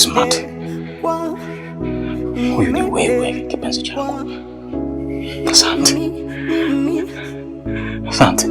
Smart, huyu ni wewe, kipenzi changu. Asante, asante.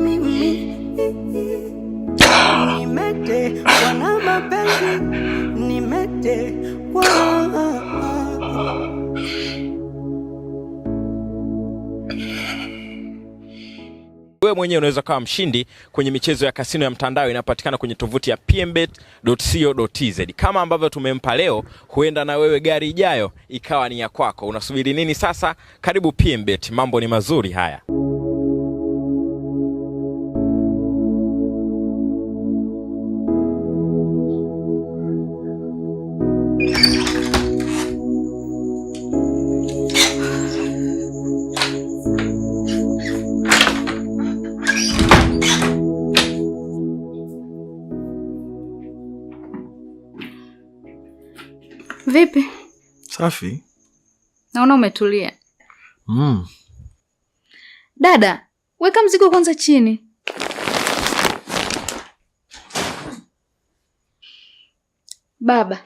wewe mwenyewe unaweza kuwa mshindi kwenye michezo ya kasino ya mtandao inapatikana kwenye tovuti ya pmbet.co.tz. Kama ambavyo tumempa leo, huenda na wewe gari ijayo ikawa ni ya kwako. Unasubiri nini sasa? Karibu PMBet, mambo ni mazuri haya. Safi. Naona umetulia. Mm. Dada, weka mzigo kwanza chini. Baba.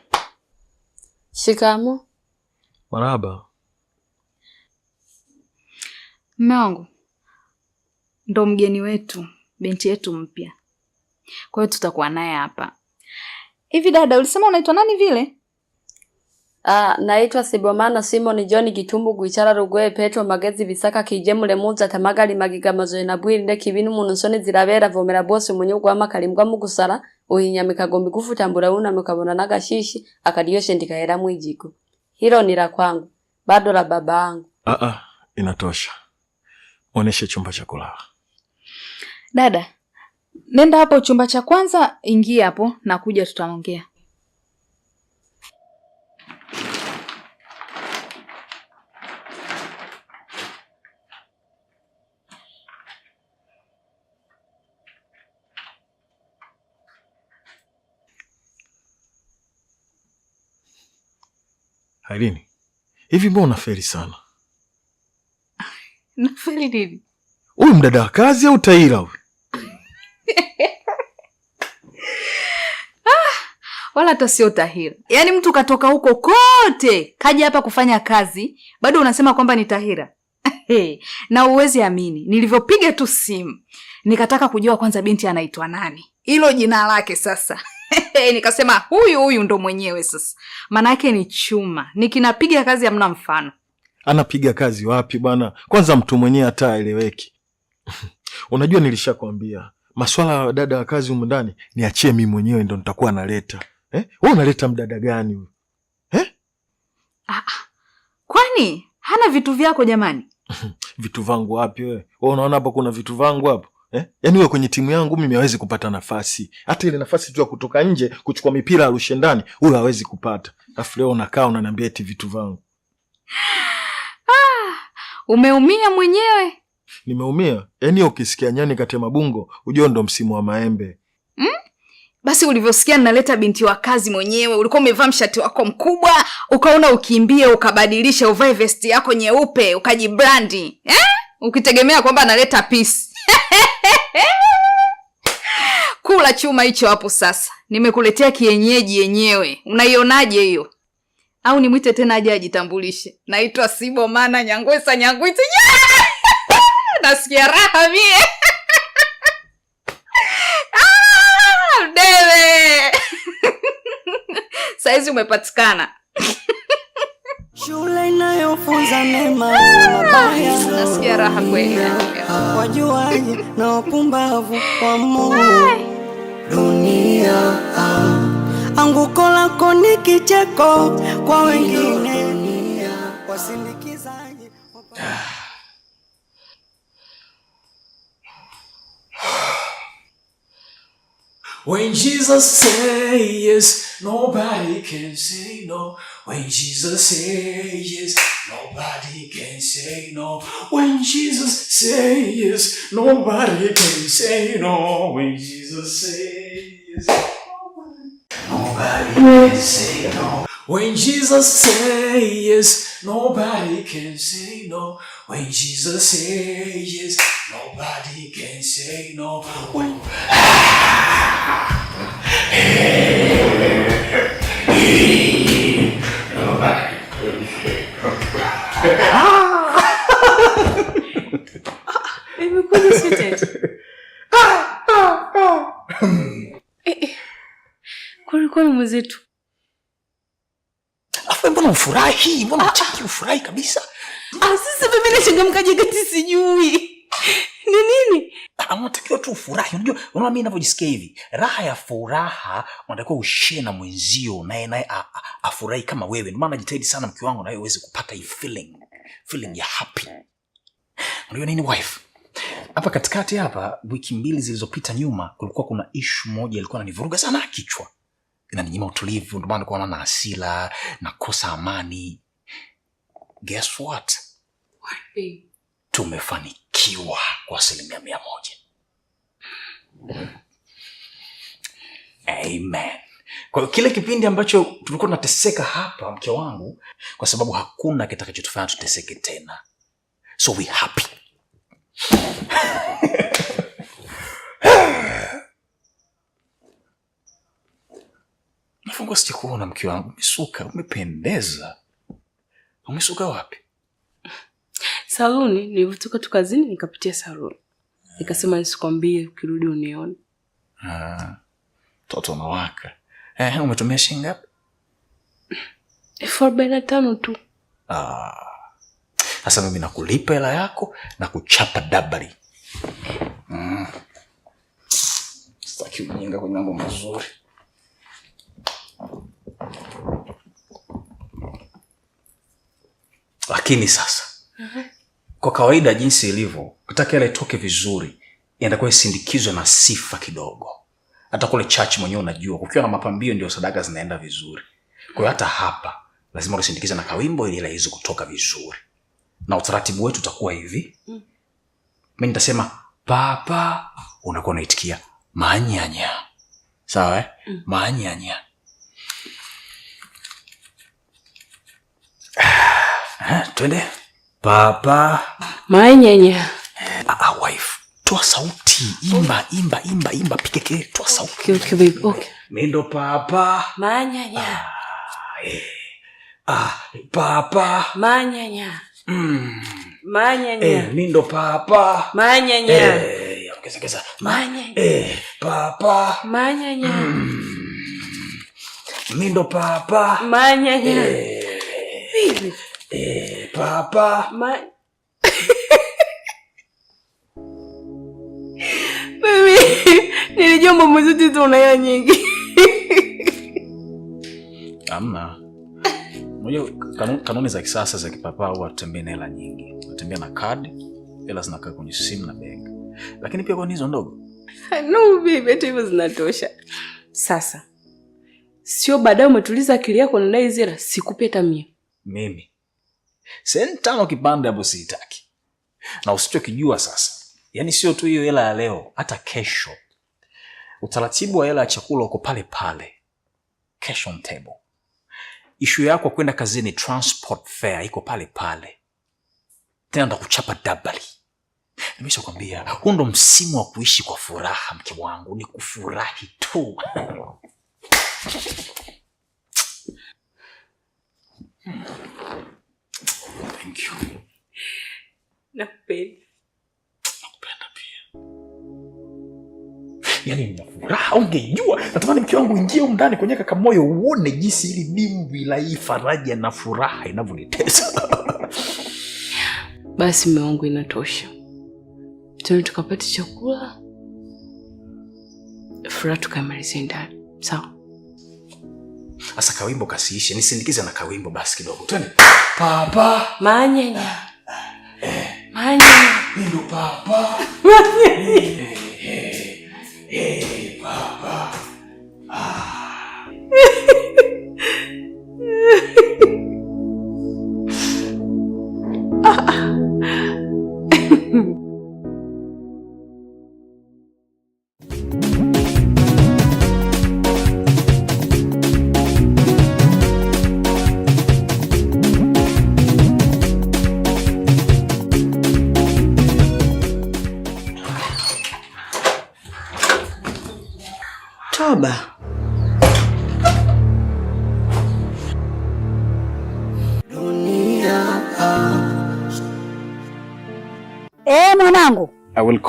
Shikamo. Maraba. Mme wangu ndo mgeni wetu, binti yetu mpya, kwa hiyo tutakuwa naye hapa. Hivi dada, ulisema unaitwa nani vile? Ah, naitwa Sibomana Simon John Gitumbu Gwichara Rugwe Petro Magezi Bisaka Kijemule Muza Tamagali Magiga Mazoe na Bwiri Ndeki Bwirinde Kibinu Munusoni Zirabera Vomera Bose Munyugwa Makalimbwa Mugusara Uhinyami Kagombi Gufutambura Una Mukabona Nagashishi Akadiyoshe Ndikaera Mwijiko. Hilo ni la kwangu. Bado la baba angu Ah ah, inatosha. Oneshe chumba cha kulala. Dada, nenda hapo chumba cha kwanza, ingia hapo na kuja tutaongea. Irene, hivi mbona unafeli sana? Nafeli nini? Huyu mdada wa kazi au taira huyu? Ah, wala hata sio Tahira. Yaani mtu katoka huko kote kaja hapa kufanya kazi, bado unasema kwamba ni Tahira na uwezi amini, nilivyopiga tu simu nikataka kujua kwanza binti anaitwa nani, hilo jina lake sasa nikasema huyu huyu ndo mwenyewe sasa, yake ni chuma, nikinapiga kazi amna mfano. Anapiga kazi wapi bwana? Kwanza mtu mwenyewe hata aeleweki. Unajua, nilishakwambia maswala ya dada wa kazi humu ndani niachie mimi mwenyewe, ndo nitakuwa naleta eh? Wewe unaleta mdada gani huyu eh? Ah, ah. kwani hana vitu vyako jamani? vitu vangu wapi wewe? Wewe unaona hapo kuna vitu vangu hapo eh? Yaani wewe kwenye timu yangu mimi hawezi kupata nafasi, hata ile nafasi tu ya kutoka nje kuchukua mipira arushe ndani, huyo hawezi kupata. Alafu leo unakaa unaniambia eti vitu vangu. Ah, umeumia mwenyewe. Nimeumia yaani, ukisikia nyani kati ya mabungo ujue ndo msimu wa maembe mm? Basi ulivyosikia naleta binti wa kazi mwenyewe, ulikuwa umevaa mshati wako mkubwa, ukaona ukimbie, ukabadilisha uvae vesti yako nyeupe, ukajibrandi eh? ukitegemea kwamba analeta peace Kula chuma hicho hapo sasa. Nimekuletea kienyeji yenyewe. Unaionaje hiyo? Au nimwite tena aje ajitambulishe. Naitwa Sibo Mana Nyangwesa Nyangwiti. Nasikia raha mie. Ah, mdewe. Saizi umepatikana. Shule inayofunza mema nasikia raha kweli, wajuaji na wapumbavu wa dunia. Anguko lako ni kicheko kwa wengine. When Jesus says yes, nobody can say no. When Jesus says yes, nobody can say no. When Jesus says yes, nobody can say no. When Jesus says yes, nobody, nobody can say no. When Jesus say yes, nobody can say no. When Jesus say yes, nobody can say no. When... nobody can mwenzetu mbona ufurahi? Mbona unataka ah, ah. ufurahi kabisa? Ah, sasa mimi nachangamkaje kati sijui. Ni nini? Ah, unatakiwa tu ufurahi. Unajua, unaona mimi ninavyojisikia hivi, raha ya furaha unatakiwa ushie na mwenzio naye naye afurahi kama wewe. Ndio maana najitahidi sana mke wangu na wewe uweze kupata hii feeling, feeling ya happy. Unajua nini wife? Hapa katikati hapa, wiki mbili zilizopita nyuma, kulikuwa kuna issue moja ilikuwa inanivuruga sana kichwa inaninyima utulivu, ndio maana kuona na asila nakosa amani. Guess what? Tumefanikiwa kwa asilimia mia moja. Amen. Kwa hiyo kile kipindi ambacho tulikuwa tunateseka hapa, mke wangu, kwa sababu hakuna kitakachotufanya tuteseke tena, so we happy Nafungua sikuona mke wangu, umesuka, umependeza. Umesuka wapi? Saluni. Nilivyotoka tu kazini nikapitia saluni, ah. nikasema nisikwambie, ukirudi unione. Ah. Mtoto unawaka. Eh, umetumia shilingi ngapi? elfu arobaini na tano tu. Ah. Sasa mimi nakulipa hela yako na kuchapa dabari. Mm. Sitaki ujinga kwenye mambo mazuri. Lakini sasa uh-huh. Kwa kawaida jinsi ilivyo, kutaka ile itoke vizuri inatakuwa isindikizwe na sifa kidogo. Hata kule church mwenyewe unajua, ukiwa na mapambio ndio sadaka zinaenda vizuri. Kwa hiyo hata hapa lazima usindikize na kawimbo ili ile kutoka vizuri, na utaratibu wetu utakuwa hivi. Mm. Mimi nitasema papa, unakuwa unaitikia manyanya, sawa eh? mm. manyanya Eh, twende. Papa. Mayenye. Eh, ah, ah, wife. Toa sauti. Imba, imba, imba, imba. pike kelele, toa sauti. Okay, okay, babe. Okay. Eh, mendo papa papa. Mayenye. Ah, eh. Ah, papa. Mayenye. Mm. Mayenye. Eh, mendo papa papa. Mayenye. Eh, ongeza ongeza. Mayenye. Eh, papa. Mayenye. Mm. Mimi ndo papa. Mayenye. Eh. Eh, papa. Ma... Mimi nilijua mambo zote tuna hela nyingi. Amna. Moja kanuni za kisasa za kipapa au atembea na hela nyingi. Atembea na kadi, hela zinakaa kwenye simu na benki. Lakini pia kwa hizo ndogo. No baby, hata hivyo zinatosha. Sasa. Sio baadaye umetuliza akili yako na dai zira sikupe hata mimi. Mimi sentano tano kipande hapo siitaki. Na usichokijua sasa, yani sio tu hiyo hela ya leo, hata kesho utaratibu wa hela ya chakula uko pale pale, cash on table. Ishu yako kwenda kazini, transport fare iko pale pale, tena ndakuchapa dabali. Nimesha kwambia hu ndo msimu wa kuishi kwa furaha, mke wangu, ni kufurahi tu. Hmm. Thank you. Nakupenda. Nakupenda pia. yani nina furaha, ungejua. Natamani mke wangu ingie huko ndani kwenye kaka moyo uone jinsi ili dimbi la hii faraja na furaha inavyonitesa. Basi mume wangu, inatosha. Tuende tukapata chakula. Furaha tukamalizia ndani. Sawa? Asa kawimbo kasiishe, nisindikize na kawimbo basi kidogo. Twende. Papa. Manyanya. Eh. Manyanya. Nilo papa. Manyanya. Eh.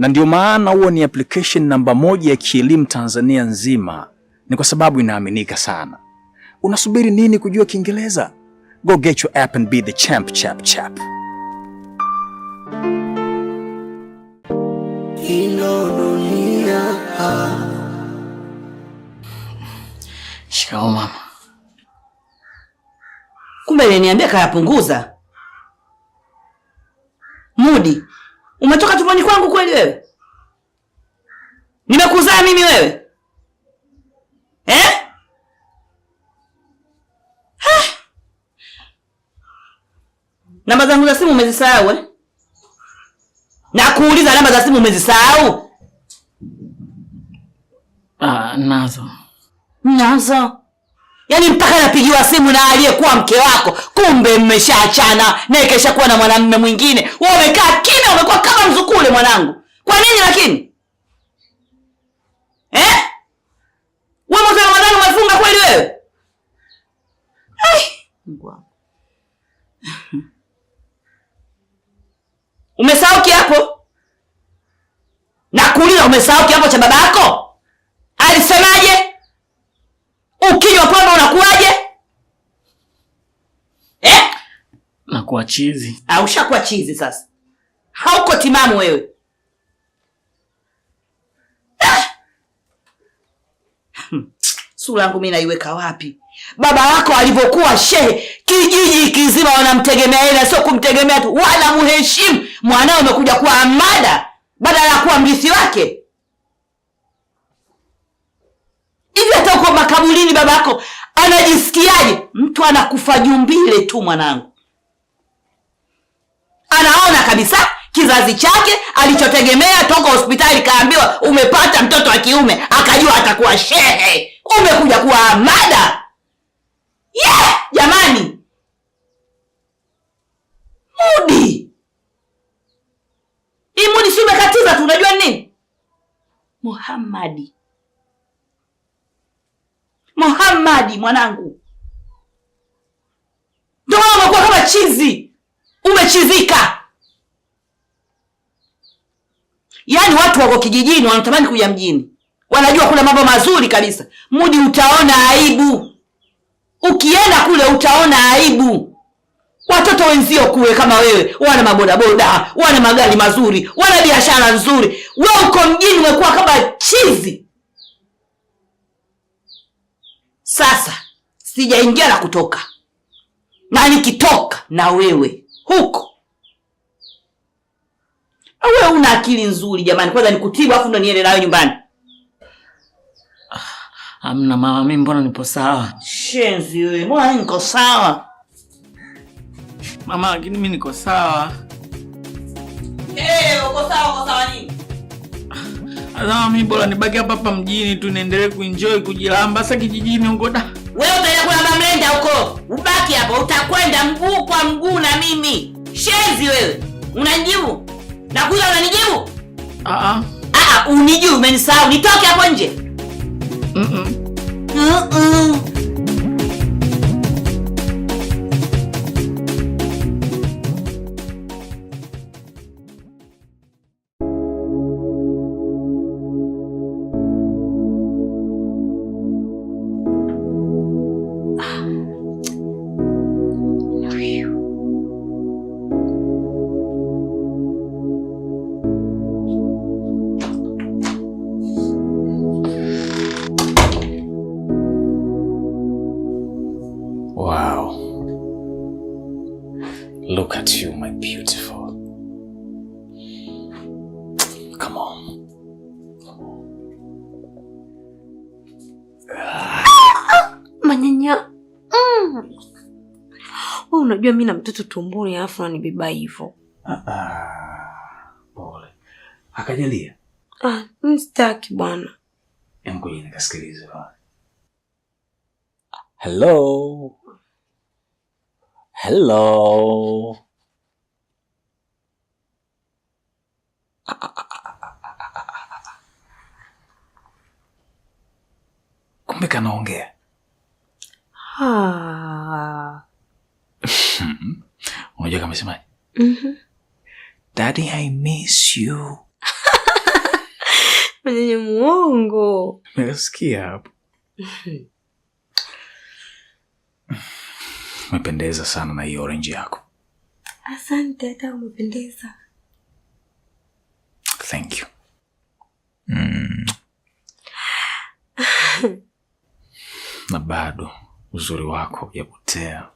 na ndio maana huo ni application namba moja ya kielimu Tanzania nzima, ni kwa sababu inaaminika sana. Unasubiri nini kujua Kiingereza? Go get your app and be the champ chap chap. Shikao mama. Kumbe iliniambia kayapunguza mudi Umetoka tumboni kwangu kweli wewe? Nimekuzaa mimi wewe eh? Namba zangu za simu umezisahau eh? Nakuuliza, namba za simu umezisahau? Ah, nazo nazo yaani mpaka anapigiwa simu na aliyekuwa mke wako, kumbe mmeshaachana naye kuwa na mwanamume mwingine. Wewe umekaa kimya, umekuwa kama mzukule mwanangu. Kwa nini lakini eh? Wewe mwezi Ramadhani umefunga kweli wewe? Umesahau kiapo? Nakuuliza, umesahau kiapo cha baba yako? kuwa chizi. Ah, ushakuwa chizi sasa. Hauko timamu wewe. Ah! angu hmm. Sura yangu mimi naiweka wapi? Baba wako alivyokuwa shehe, kijiji kizima wanamtegemea yeye, sio kumtegemea tu, wala muheshimu. Mwanao umekuja kuwa amada badala ya kuwa mrithi wake. Hivi hata uko makaburini baba yako anajisikiaje? Mtu anakufa jumbile tu mwanangu anaona kabisa kizazi chake alichotegemea toka hospitali kaambiwa umepata mtoto wa kiume, akajua atakuwa shehe, umekuja kuwa mada. Yeah, jamani, mudi imudi mudi si umekatiza tu, unajua nini Muhammadi, Muhammadi mwanangu, ndo umekuwa kama chizi umechizika. Yaani watu wako kijijini wanatamani kuja mjini, wanajua kuna mambo mazuri kabisa. Mudi utaona aibu, ukienda kule utaona aibu. Watoto wenzio kule kama wewe wana mabodaboda, wana magari mazuri, wana biashara nzuri, we uko mjini umekuwa kama chizi. Sasa sijaingia na kutoka, na nikitoka na wewe huko. Ah, wewe una akili nzuri jamani, kwanza nikutibu afu ndo niende nayo nyumbani? Ah, Amna mama, mimi mbona nipo sawa. Shenzi wewe, mbona niko sawa mama, lakini mimi niko sawa. Hey, eh, uko sawa, uko sawa nini? Azama, mimi bora nibaki hapa hapa mjini tu niendelee kuenjoy kujilamba. Sasa kijijini huko da, wewe utaenda kula mlenda huko Ubaki hapo, utakwenda mguu kwa mguu na mimi. shezi wewe, unanijibu nakuza, unanijibu Ah ah, Unijibu, umenisahau, nitoke hapo nje Mm -mm. Mm -mm. at you, my beautiful. Come on. Manyanya. Mm. Oh, unajua mimi na mtoto tumboni alafu unanibeba hivyo. Ah ah. Pole. Akajalia. Ah, mstaki bwana. Emkuje nikasikilize bwana. Hello. Hello. kumbe kanaongea. Unajua kamesemaje? Mhm. Daddy, I miss you. Mwenye muongo. Nimesikia hapo. mependeza sana na hii orange yako. Asante, hata umependeza. Thank you. Mm. na bado uzuri wako hujapotea.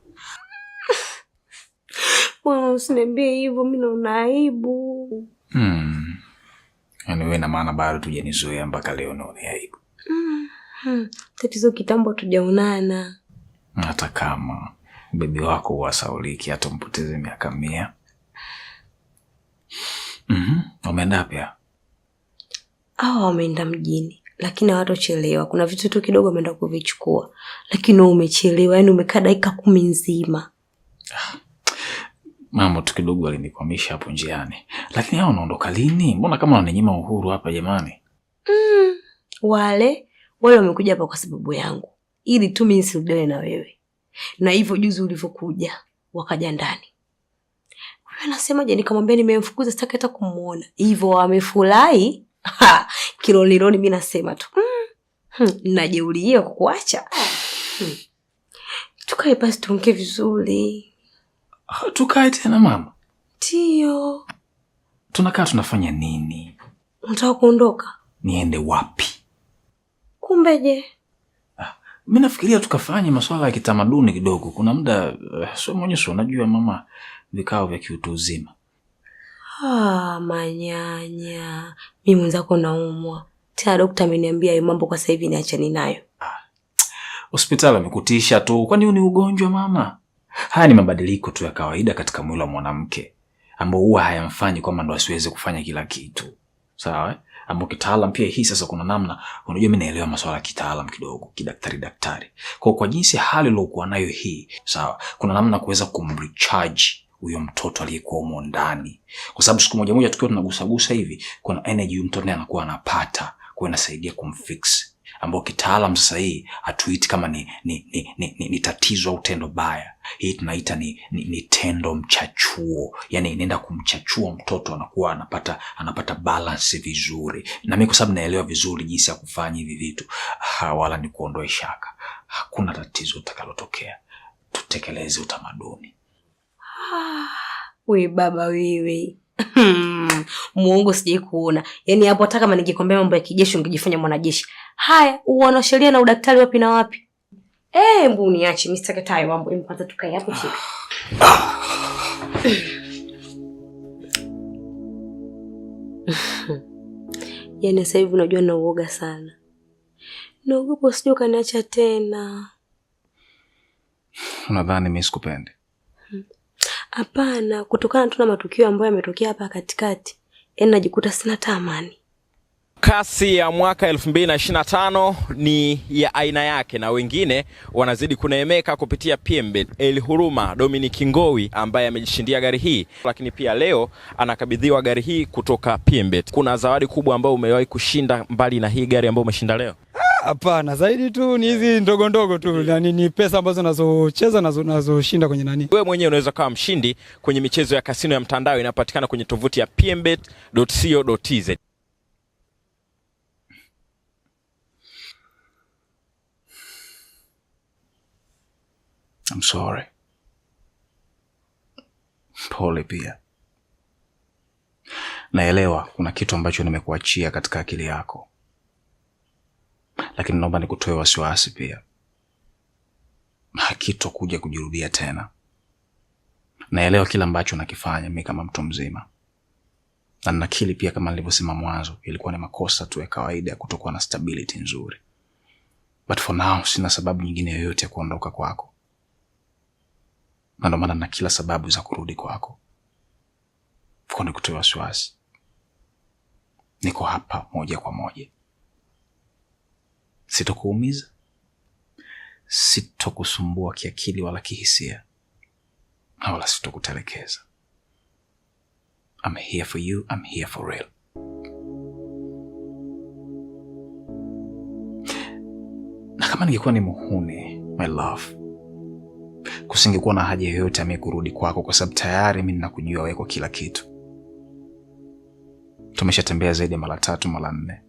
Bwana, usiniambie hivyo, mi naona aibu. Mm. Yaani wewe na maana bado tujanizoea mpaka leo naona aibu. Hmm. Tatizo kitambo tujaonana. Hata kama bibi wako huwasauliki hata umpoteze miaka mia. Mm -hmm. Umeenda wapi? Hawa wameenda mjini, lakini hawatochelewa. Kuna vitu tu kidogo wameenda kuvichukua, lakini wewe umechelewa. Yani umekaa dakika kumi nzima. Ah, mambo tu kidogo alinikwamisha hapo njiani. Lakini hao unaondoka lini? Mbona kama wananyima uhuru hapa jamani? Mm, wale wale wamekuja hapa kwa sababu yangu, ili tu mimi nisirudane na wewe, na hivyo juzi ulivyokuja wakaja ndani anasemaje? Nikamwambia nimemfukuza, sitaki hata kumuona. Hivyo amefurahi kiloniloni. Mi nasema tu hmm, hmm najeuliwa kukuacha hmm. Tukae basi tuonge vizuri. Ah, tukae tena mama? Ndio, tunakaa tunafanya nini? Unataka kuondoka? Niende wapi? Kumbe je mi nafikiria tukafanye maswala ya kitamaduni kidogo. Kuna muda uh, eh, so mwenye unajua mama, vikao vya kiutu uzima. Ah, manyanya, mi mwenzako naumwa tena, dokta ameniambia hayo mambo kwa sahivi hivi niachani nayo. Ah, hospitali amekutisha tu, kwani huu ni ugonjwa mama? Haya ni mabadiliko tu ya kawaida katika mwili wa mwanamke ambao huwa hayamfanyi kwamba ndo asiweze kufanya kila kitu, sawa eh? ambao kitaalam pia hii sasa kuna namna unajua mimi naelewa masuala ya kitaalam kidogo kidaktari daktari. Kwa kwa jinsi hali iliyokuwa nayo hii, sawa, kuna namna kuweza kumrecharge huyo mtoto aliyekuwa humo ndani, kwa sababu siku moja moja tukiwa tunagusagusa hivi, kuna energy huyo mtoto naye anakuwa anapata, kuwa inasaidia kumfix ambao kitaalam sasa hii hatuiti kama ni, ni, ni, ni, ni, ni tatizo au tendo baya. Hii tunaita ni, ni, ni tendo mchachuo, yani inaenda kumchachua mtoto, anakuwa anapata anapata balance vizuri. Na mimi kwa sababu naelewa vizuri jinsi ya kufanya hivi vitu, wala ni kuondoe shaka, hakuna tatizo utakalotokea. Tutekeleze utamaduni. Ah, we baba wewe Hmm, Muongo sijai kuona. Yaani hapo hata kama ningekwambia mambo ya kijeshi ungejifanya mwanajeshi. Haya, uona sheria na udaktari wapi na wapi? Eh, mbu niache Mr. Katai mambo mpaka tukae hapo chini. Yaani sasa hivi unajua na uoga sana. Naogopa usije ukaniacha tena. Unadhani mimi sikupendi? Hapana, kutokana tu na matukio ambayo yametokea hapa katikati, yaani najikuta sina tamani. Kasi ya mwaka 2025 ni ya aina yake na wengine wanazidi kuneemeka kupitia pembe. El Huruma Dominic Ngowi ambaye amejishindia gari hii, lakini pia leo anakabidhiwa gari hii kutoka Pembet. Kuna zawadi kubwa ambayo umewahi kushinda mbali na hii gari ambayo umeshinda leo? Hapana, zaidi tu ni hizi eh. ndogo ndogo tu yeah. Yani ni pesa ambazo nazocheza nazoshinda kwenye nani. Wewe mwenyewe unaweza kuwa mshindi kwenye michezo ya kasino ya mtandao inapatikana kwenye tovuti ya pmbet.co.tz. I'm sorry. Pole pia. Naelewa kuna kitu ambacho nimekuachia katika akili yako lakini naomba nikutoe wasiwasi pia, hakitokuja kujirudia tena. Naelewa kila ambacho nakifanya mi kama mtu mzima, na nakili pia, kama nilivyosema mwanzo, ilikuwa ni makosa tu ya kawaida ya kutokuwa na stability nzuri, but for now sina sababu nyingine yoyote ya kuondoka kwako, na ndo maana na kila sababu za kurudi kwako. Nikutoe wasiwasi, niko hapa moja kwa moja. Sitokuumiza, sitokusumbua kiakili wala kihisia, na wala sitokutelekeza. I'm here for you, I'm here for real. Na kama ningekuwa ni muhuni, my love, kusingekuwa na haja yoyote ami kurudi kwako, kwa sababu tayari mi ninakujua wewe kwa kila kitu. Tumeshatembea zaidi ya mara tatu mara nne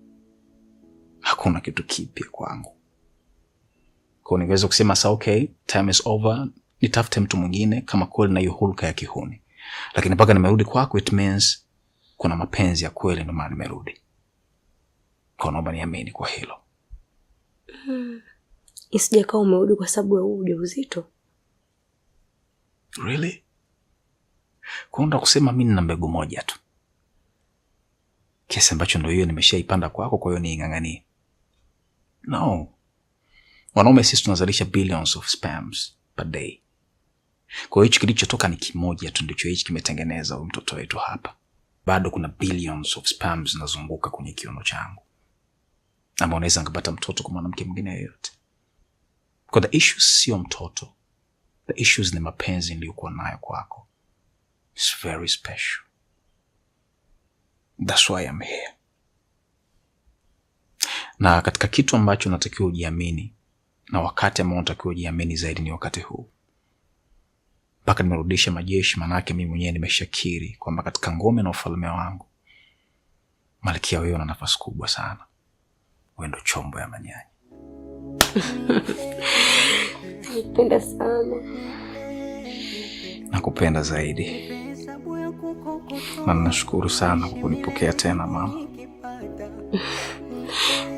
hakuna kitu kipya kwangu. Kwa niweza kusema sa okay, time is over, nitafute mtu mwingine kama kweli na hiyo hulka ya kihuni. Lakini mpaka nimerudi kwako it means kuna mapenzi ya kweli ndio maana nimerudi. Kwa naomba niamini kwa hilo. Mm. Isije kawa umerudi kwa sababu ya huu ujauzito. Really? Kuenda kusema mimi nina mbegu moja tu. Kiasi ambacho ndio hiyo nimeshaipanda kwako, kwa hiyo niing'ang'anie no wanaume sisi tunazalisha billions of spams per day kwa hiyo hichi kilichotoka ni kimoja tu ndicho hichi kimetengeneza huyu mtoto wetu hapa bado kuna billions of spams zinazunguka kwenye kiuno changu ambao unaweza nikapata mtoto kwa mwanamke mwingine yoyote kwa the issues sio mtoto the issues ni mapenzi niliyokuwa nayo kwako It's very special. That's why I'm here na katika kitu ambacho unatakiwa ujiamini na wakati ambao unatakiwa ujiamini zaidi ni wakati huu. Mpaka nimerudisha majeshi, manake mimi mwenyewe nimeshakiri kwamba katika ngome na ufalme wangu, malkia wewe una nafasi kubwa sana, wewe ndo chombo ya manyanya. Nakupenda sana, nakupenda zaidi, na nashukuru sana kwa kunipokea tena mama.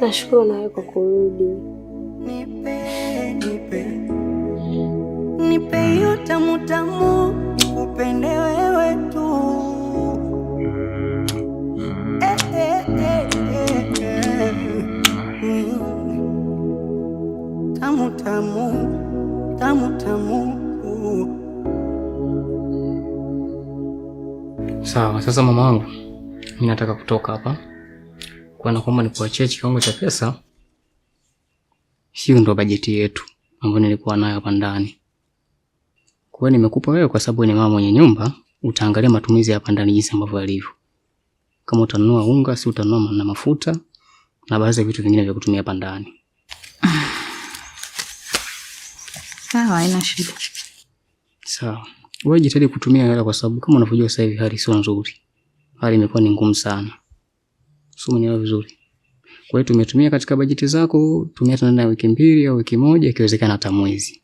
Nashukuru nawe kwa kurudi. Nipe nipe hiyo tamu tamu, nikupende wewe tu. eh, eh, eh. eh, eh. Tamu tamu tamu tamu. Sawa, sasa mama wangu, mimi nataka kutoka hapa kuona kwamba ni kuachia kiwango cha pesa. Hiyo ndo bajeti yetu ambayo nilikuwa nayo hapa ndani. Kwa hiyo nimekupa wewe kwa sababu ni mama mwenye nyumba, utaangalia matumizi hapa ndani jinsi ambavyo yalivyo. Kama utanunua unga, si utanunua na mafuta na baadhi ya vitu vingine vya kutumia hapa ndani. Sawa, haina shida. Sawa. Wewe jitahidi kutumia hela kwa sababu kama unavyojua sasa hivi hali sio nzuri. Hali imekuwa ni ngumu sana sio umenielewa vizuri. Kwa hiyo tumetumia katika bajeti zako, tumia tena wiki mbili au wiki moja, ikiwezekana hata mwezi.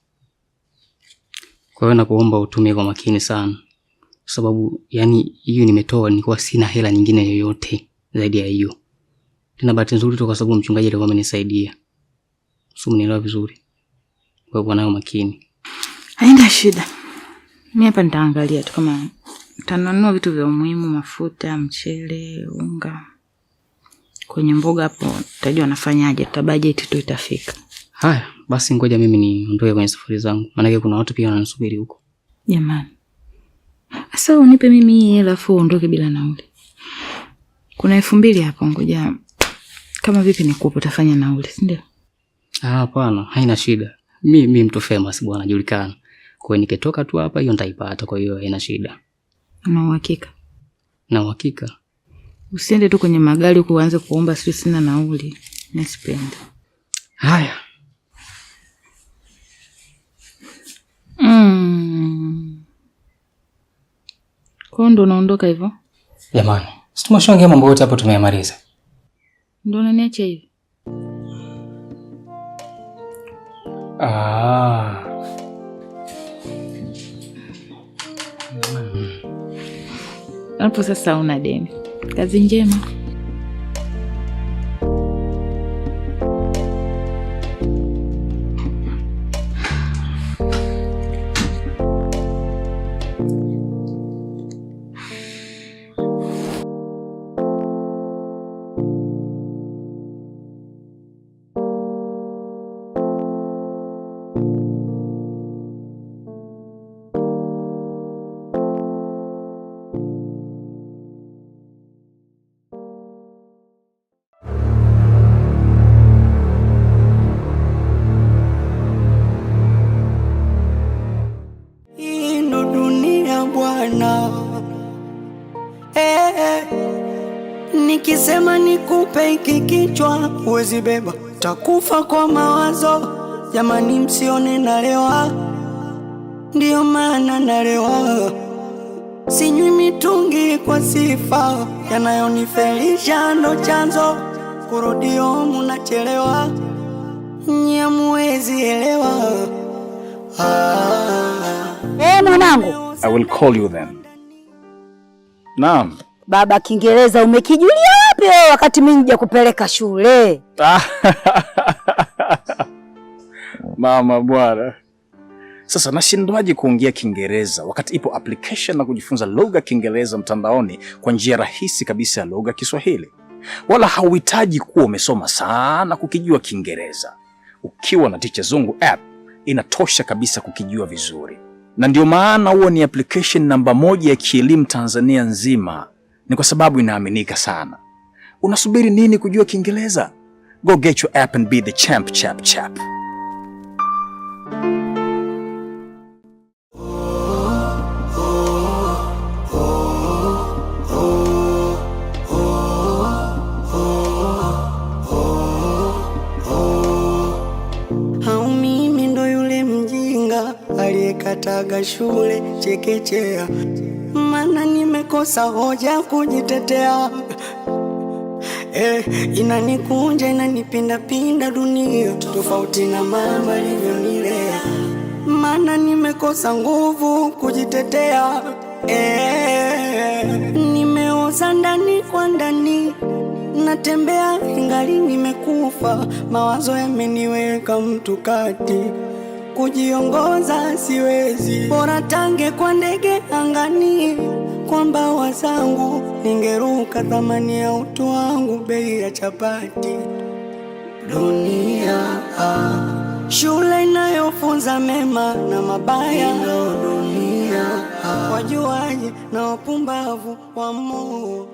Kwa hiyo nakuomba utumie kwa makini sana, sababu yani hiyo nimetoa, nilikuwa sina hela nyingine yoyote zaidi ya hiyo. Tena bahati nzuri tu, kwa sababu mchungaji alikuwa amenisaidia, sio umenielewa vizuri. Kwa hiyo nayo makini, haina shida. Mimi hapa nitaangalia tu kama tanunua vitu vya umuhimu, mafuta, mchele, unga kwenye mboga hapo utajua nafanyaje, ta budget tu itafika. Haya basi, ngoja mimi niondoke kwenye safari zangu, maanake kuna watu pia wananisubiri huko. Jamani, sasa unipe mimi hii hela afu uondoke bila nauli. Kuna elfu mbili hapo, ngoja kama vipi nikupe, utafanya nauli, si ndio? Ah, hapana, haina shida. Mi mi mtu famous bwana, najulikana. Kwa hiyo nikitoka tu hapa hiyo nitaipata, kwa hiyo haina shida. Na uhakika? Na uhakika Usiende tu kwenye magari huko uanze kuomba sijui sina nauli. Nasipenda Haya. Mm. Kwa ndo unaondoka hivyo? Jamani, si tumeshaongea mambo yote hapo tumeyamaliza. Ndio unaniacha hivi? Ah. Hapo sasa una deni. Kazi njema. huwezi beba, takufa kwa mawazo. Jamani, msione nalewa, ndiyo maana nalewa. Sinywi mitungi kwa sifa, yanayonifelisha ndo chanzo. Kurudio munachelewa, nye muwezi elewa. Hey, ah. eh, mwanangu, I will call you then. Naam baba, Kiingereza umekijulia Vipi wewe wakati mimi nija kupeleka shule? Mama bwana. Sasa nashindwaje kuongea Kiingereza wakati ipo application na kujifunza lugha Kiingereza mtandaoni kwa njia rahisi kabisa ya lugha Kiswahili. Wala hauhitaji kuwa umesoma sana kukijua Kiingereza. Ukiwa na Ticha Zungu app inatosha kabisa kukijua vizuri, na ndio maana huo ni application namba moja ya kielimu Tanzania nzima, ni kwa sababu inaaminika sana. Unasubiri nini kujua Kiingereza? Go get your app and be the champ chap chap. shule chekechea, mana nimekosa hoja kujitetea eh, inanikunja inanipindapinda dunia, tofauti na mama alivyonilea, maana nimekosa nguvu kujitetea eh, nimeoza ndani kwa ndani natembea ingali nimekufa, mawazo yameniweka mtu kati, kujiongoza siwezi, bora tange kwa ndege angani, kwa mbawa zangu ningeruka thamani ya utu wangu, bei ya chapati. Dunia ah. shule inayofunza mema na mabaya. Dunia ah. wajuaji na wapumbavu wa moo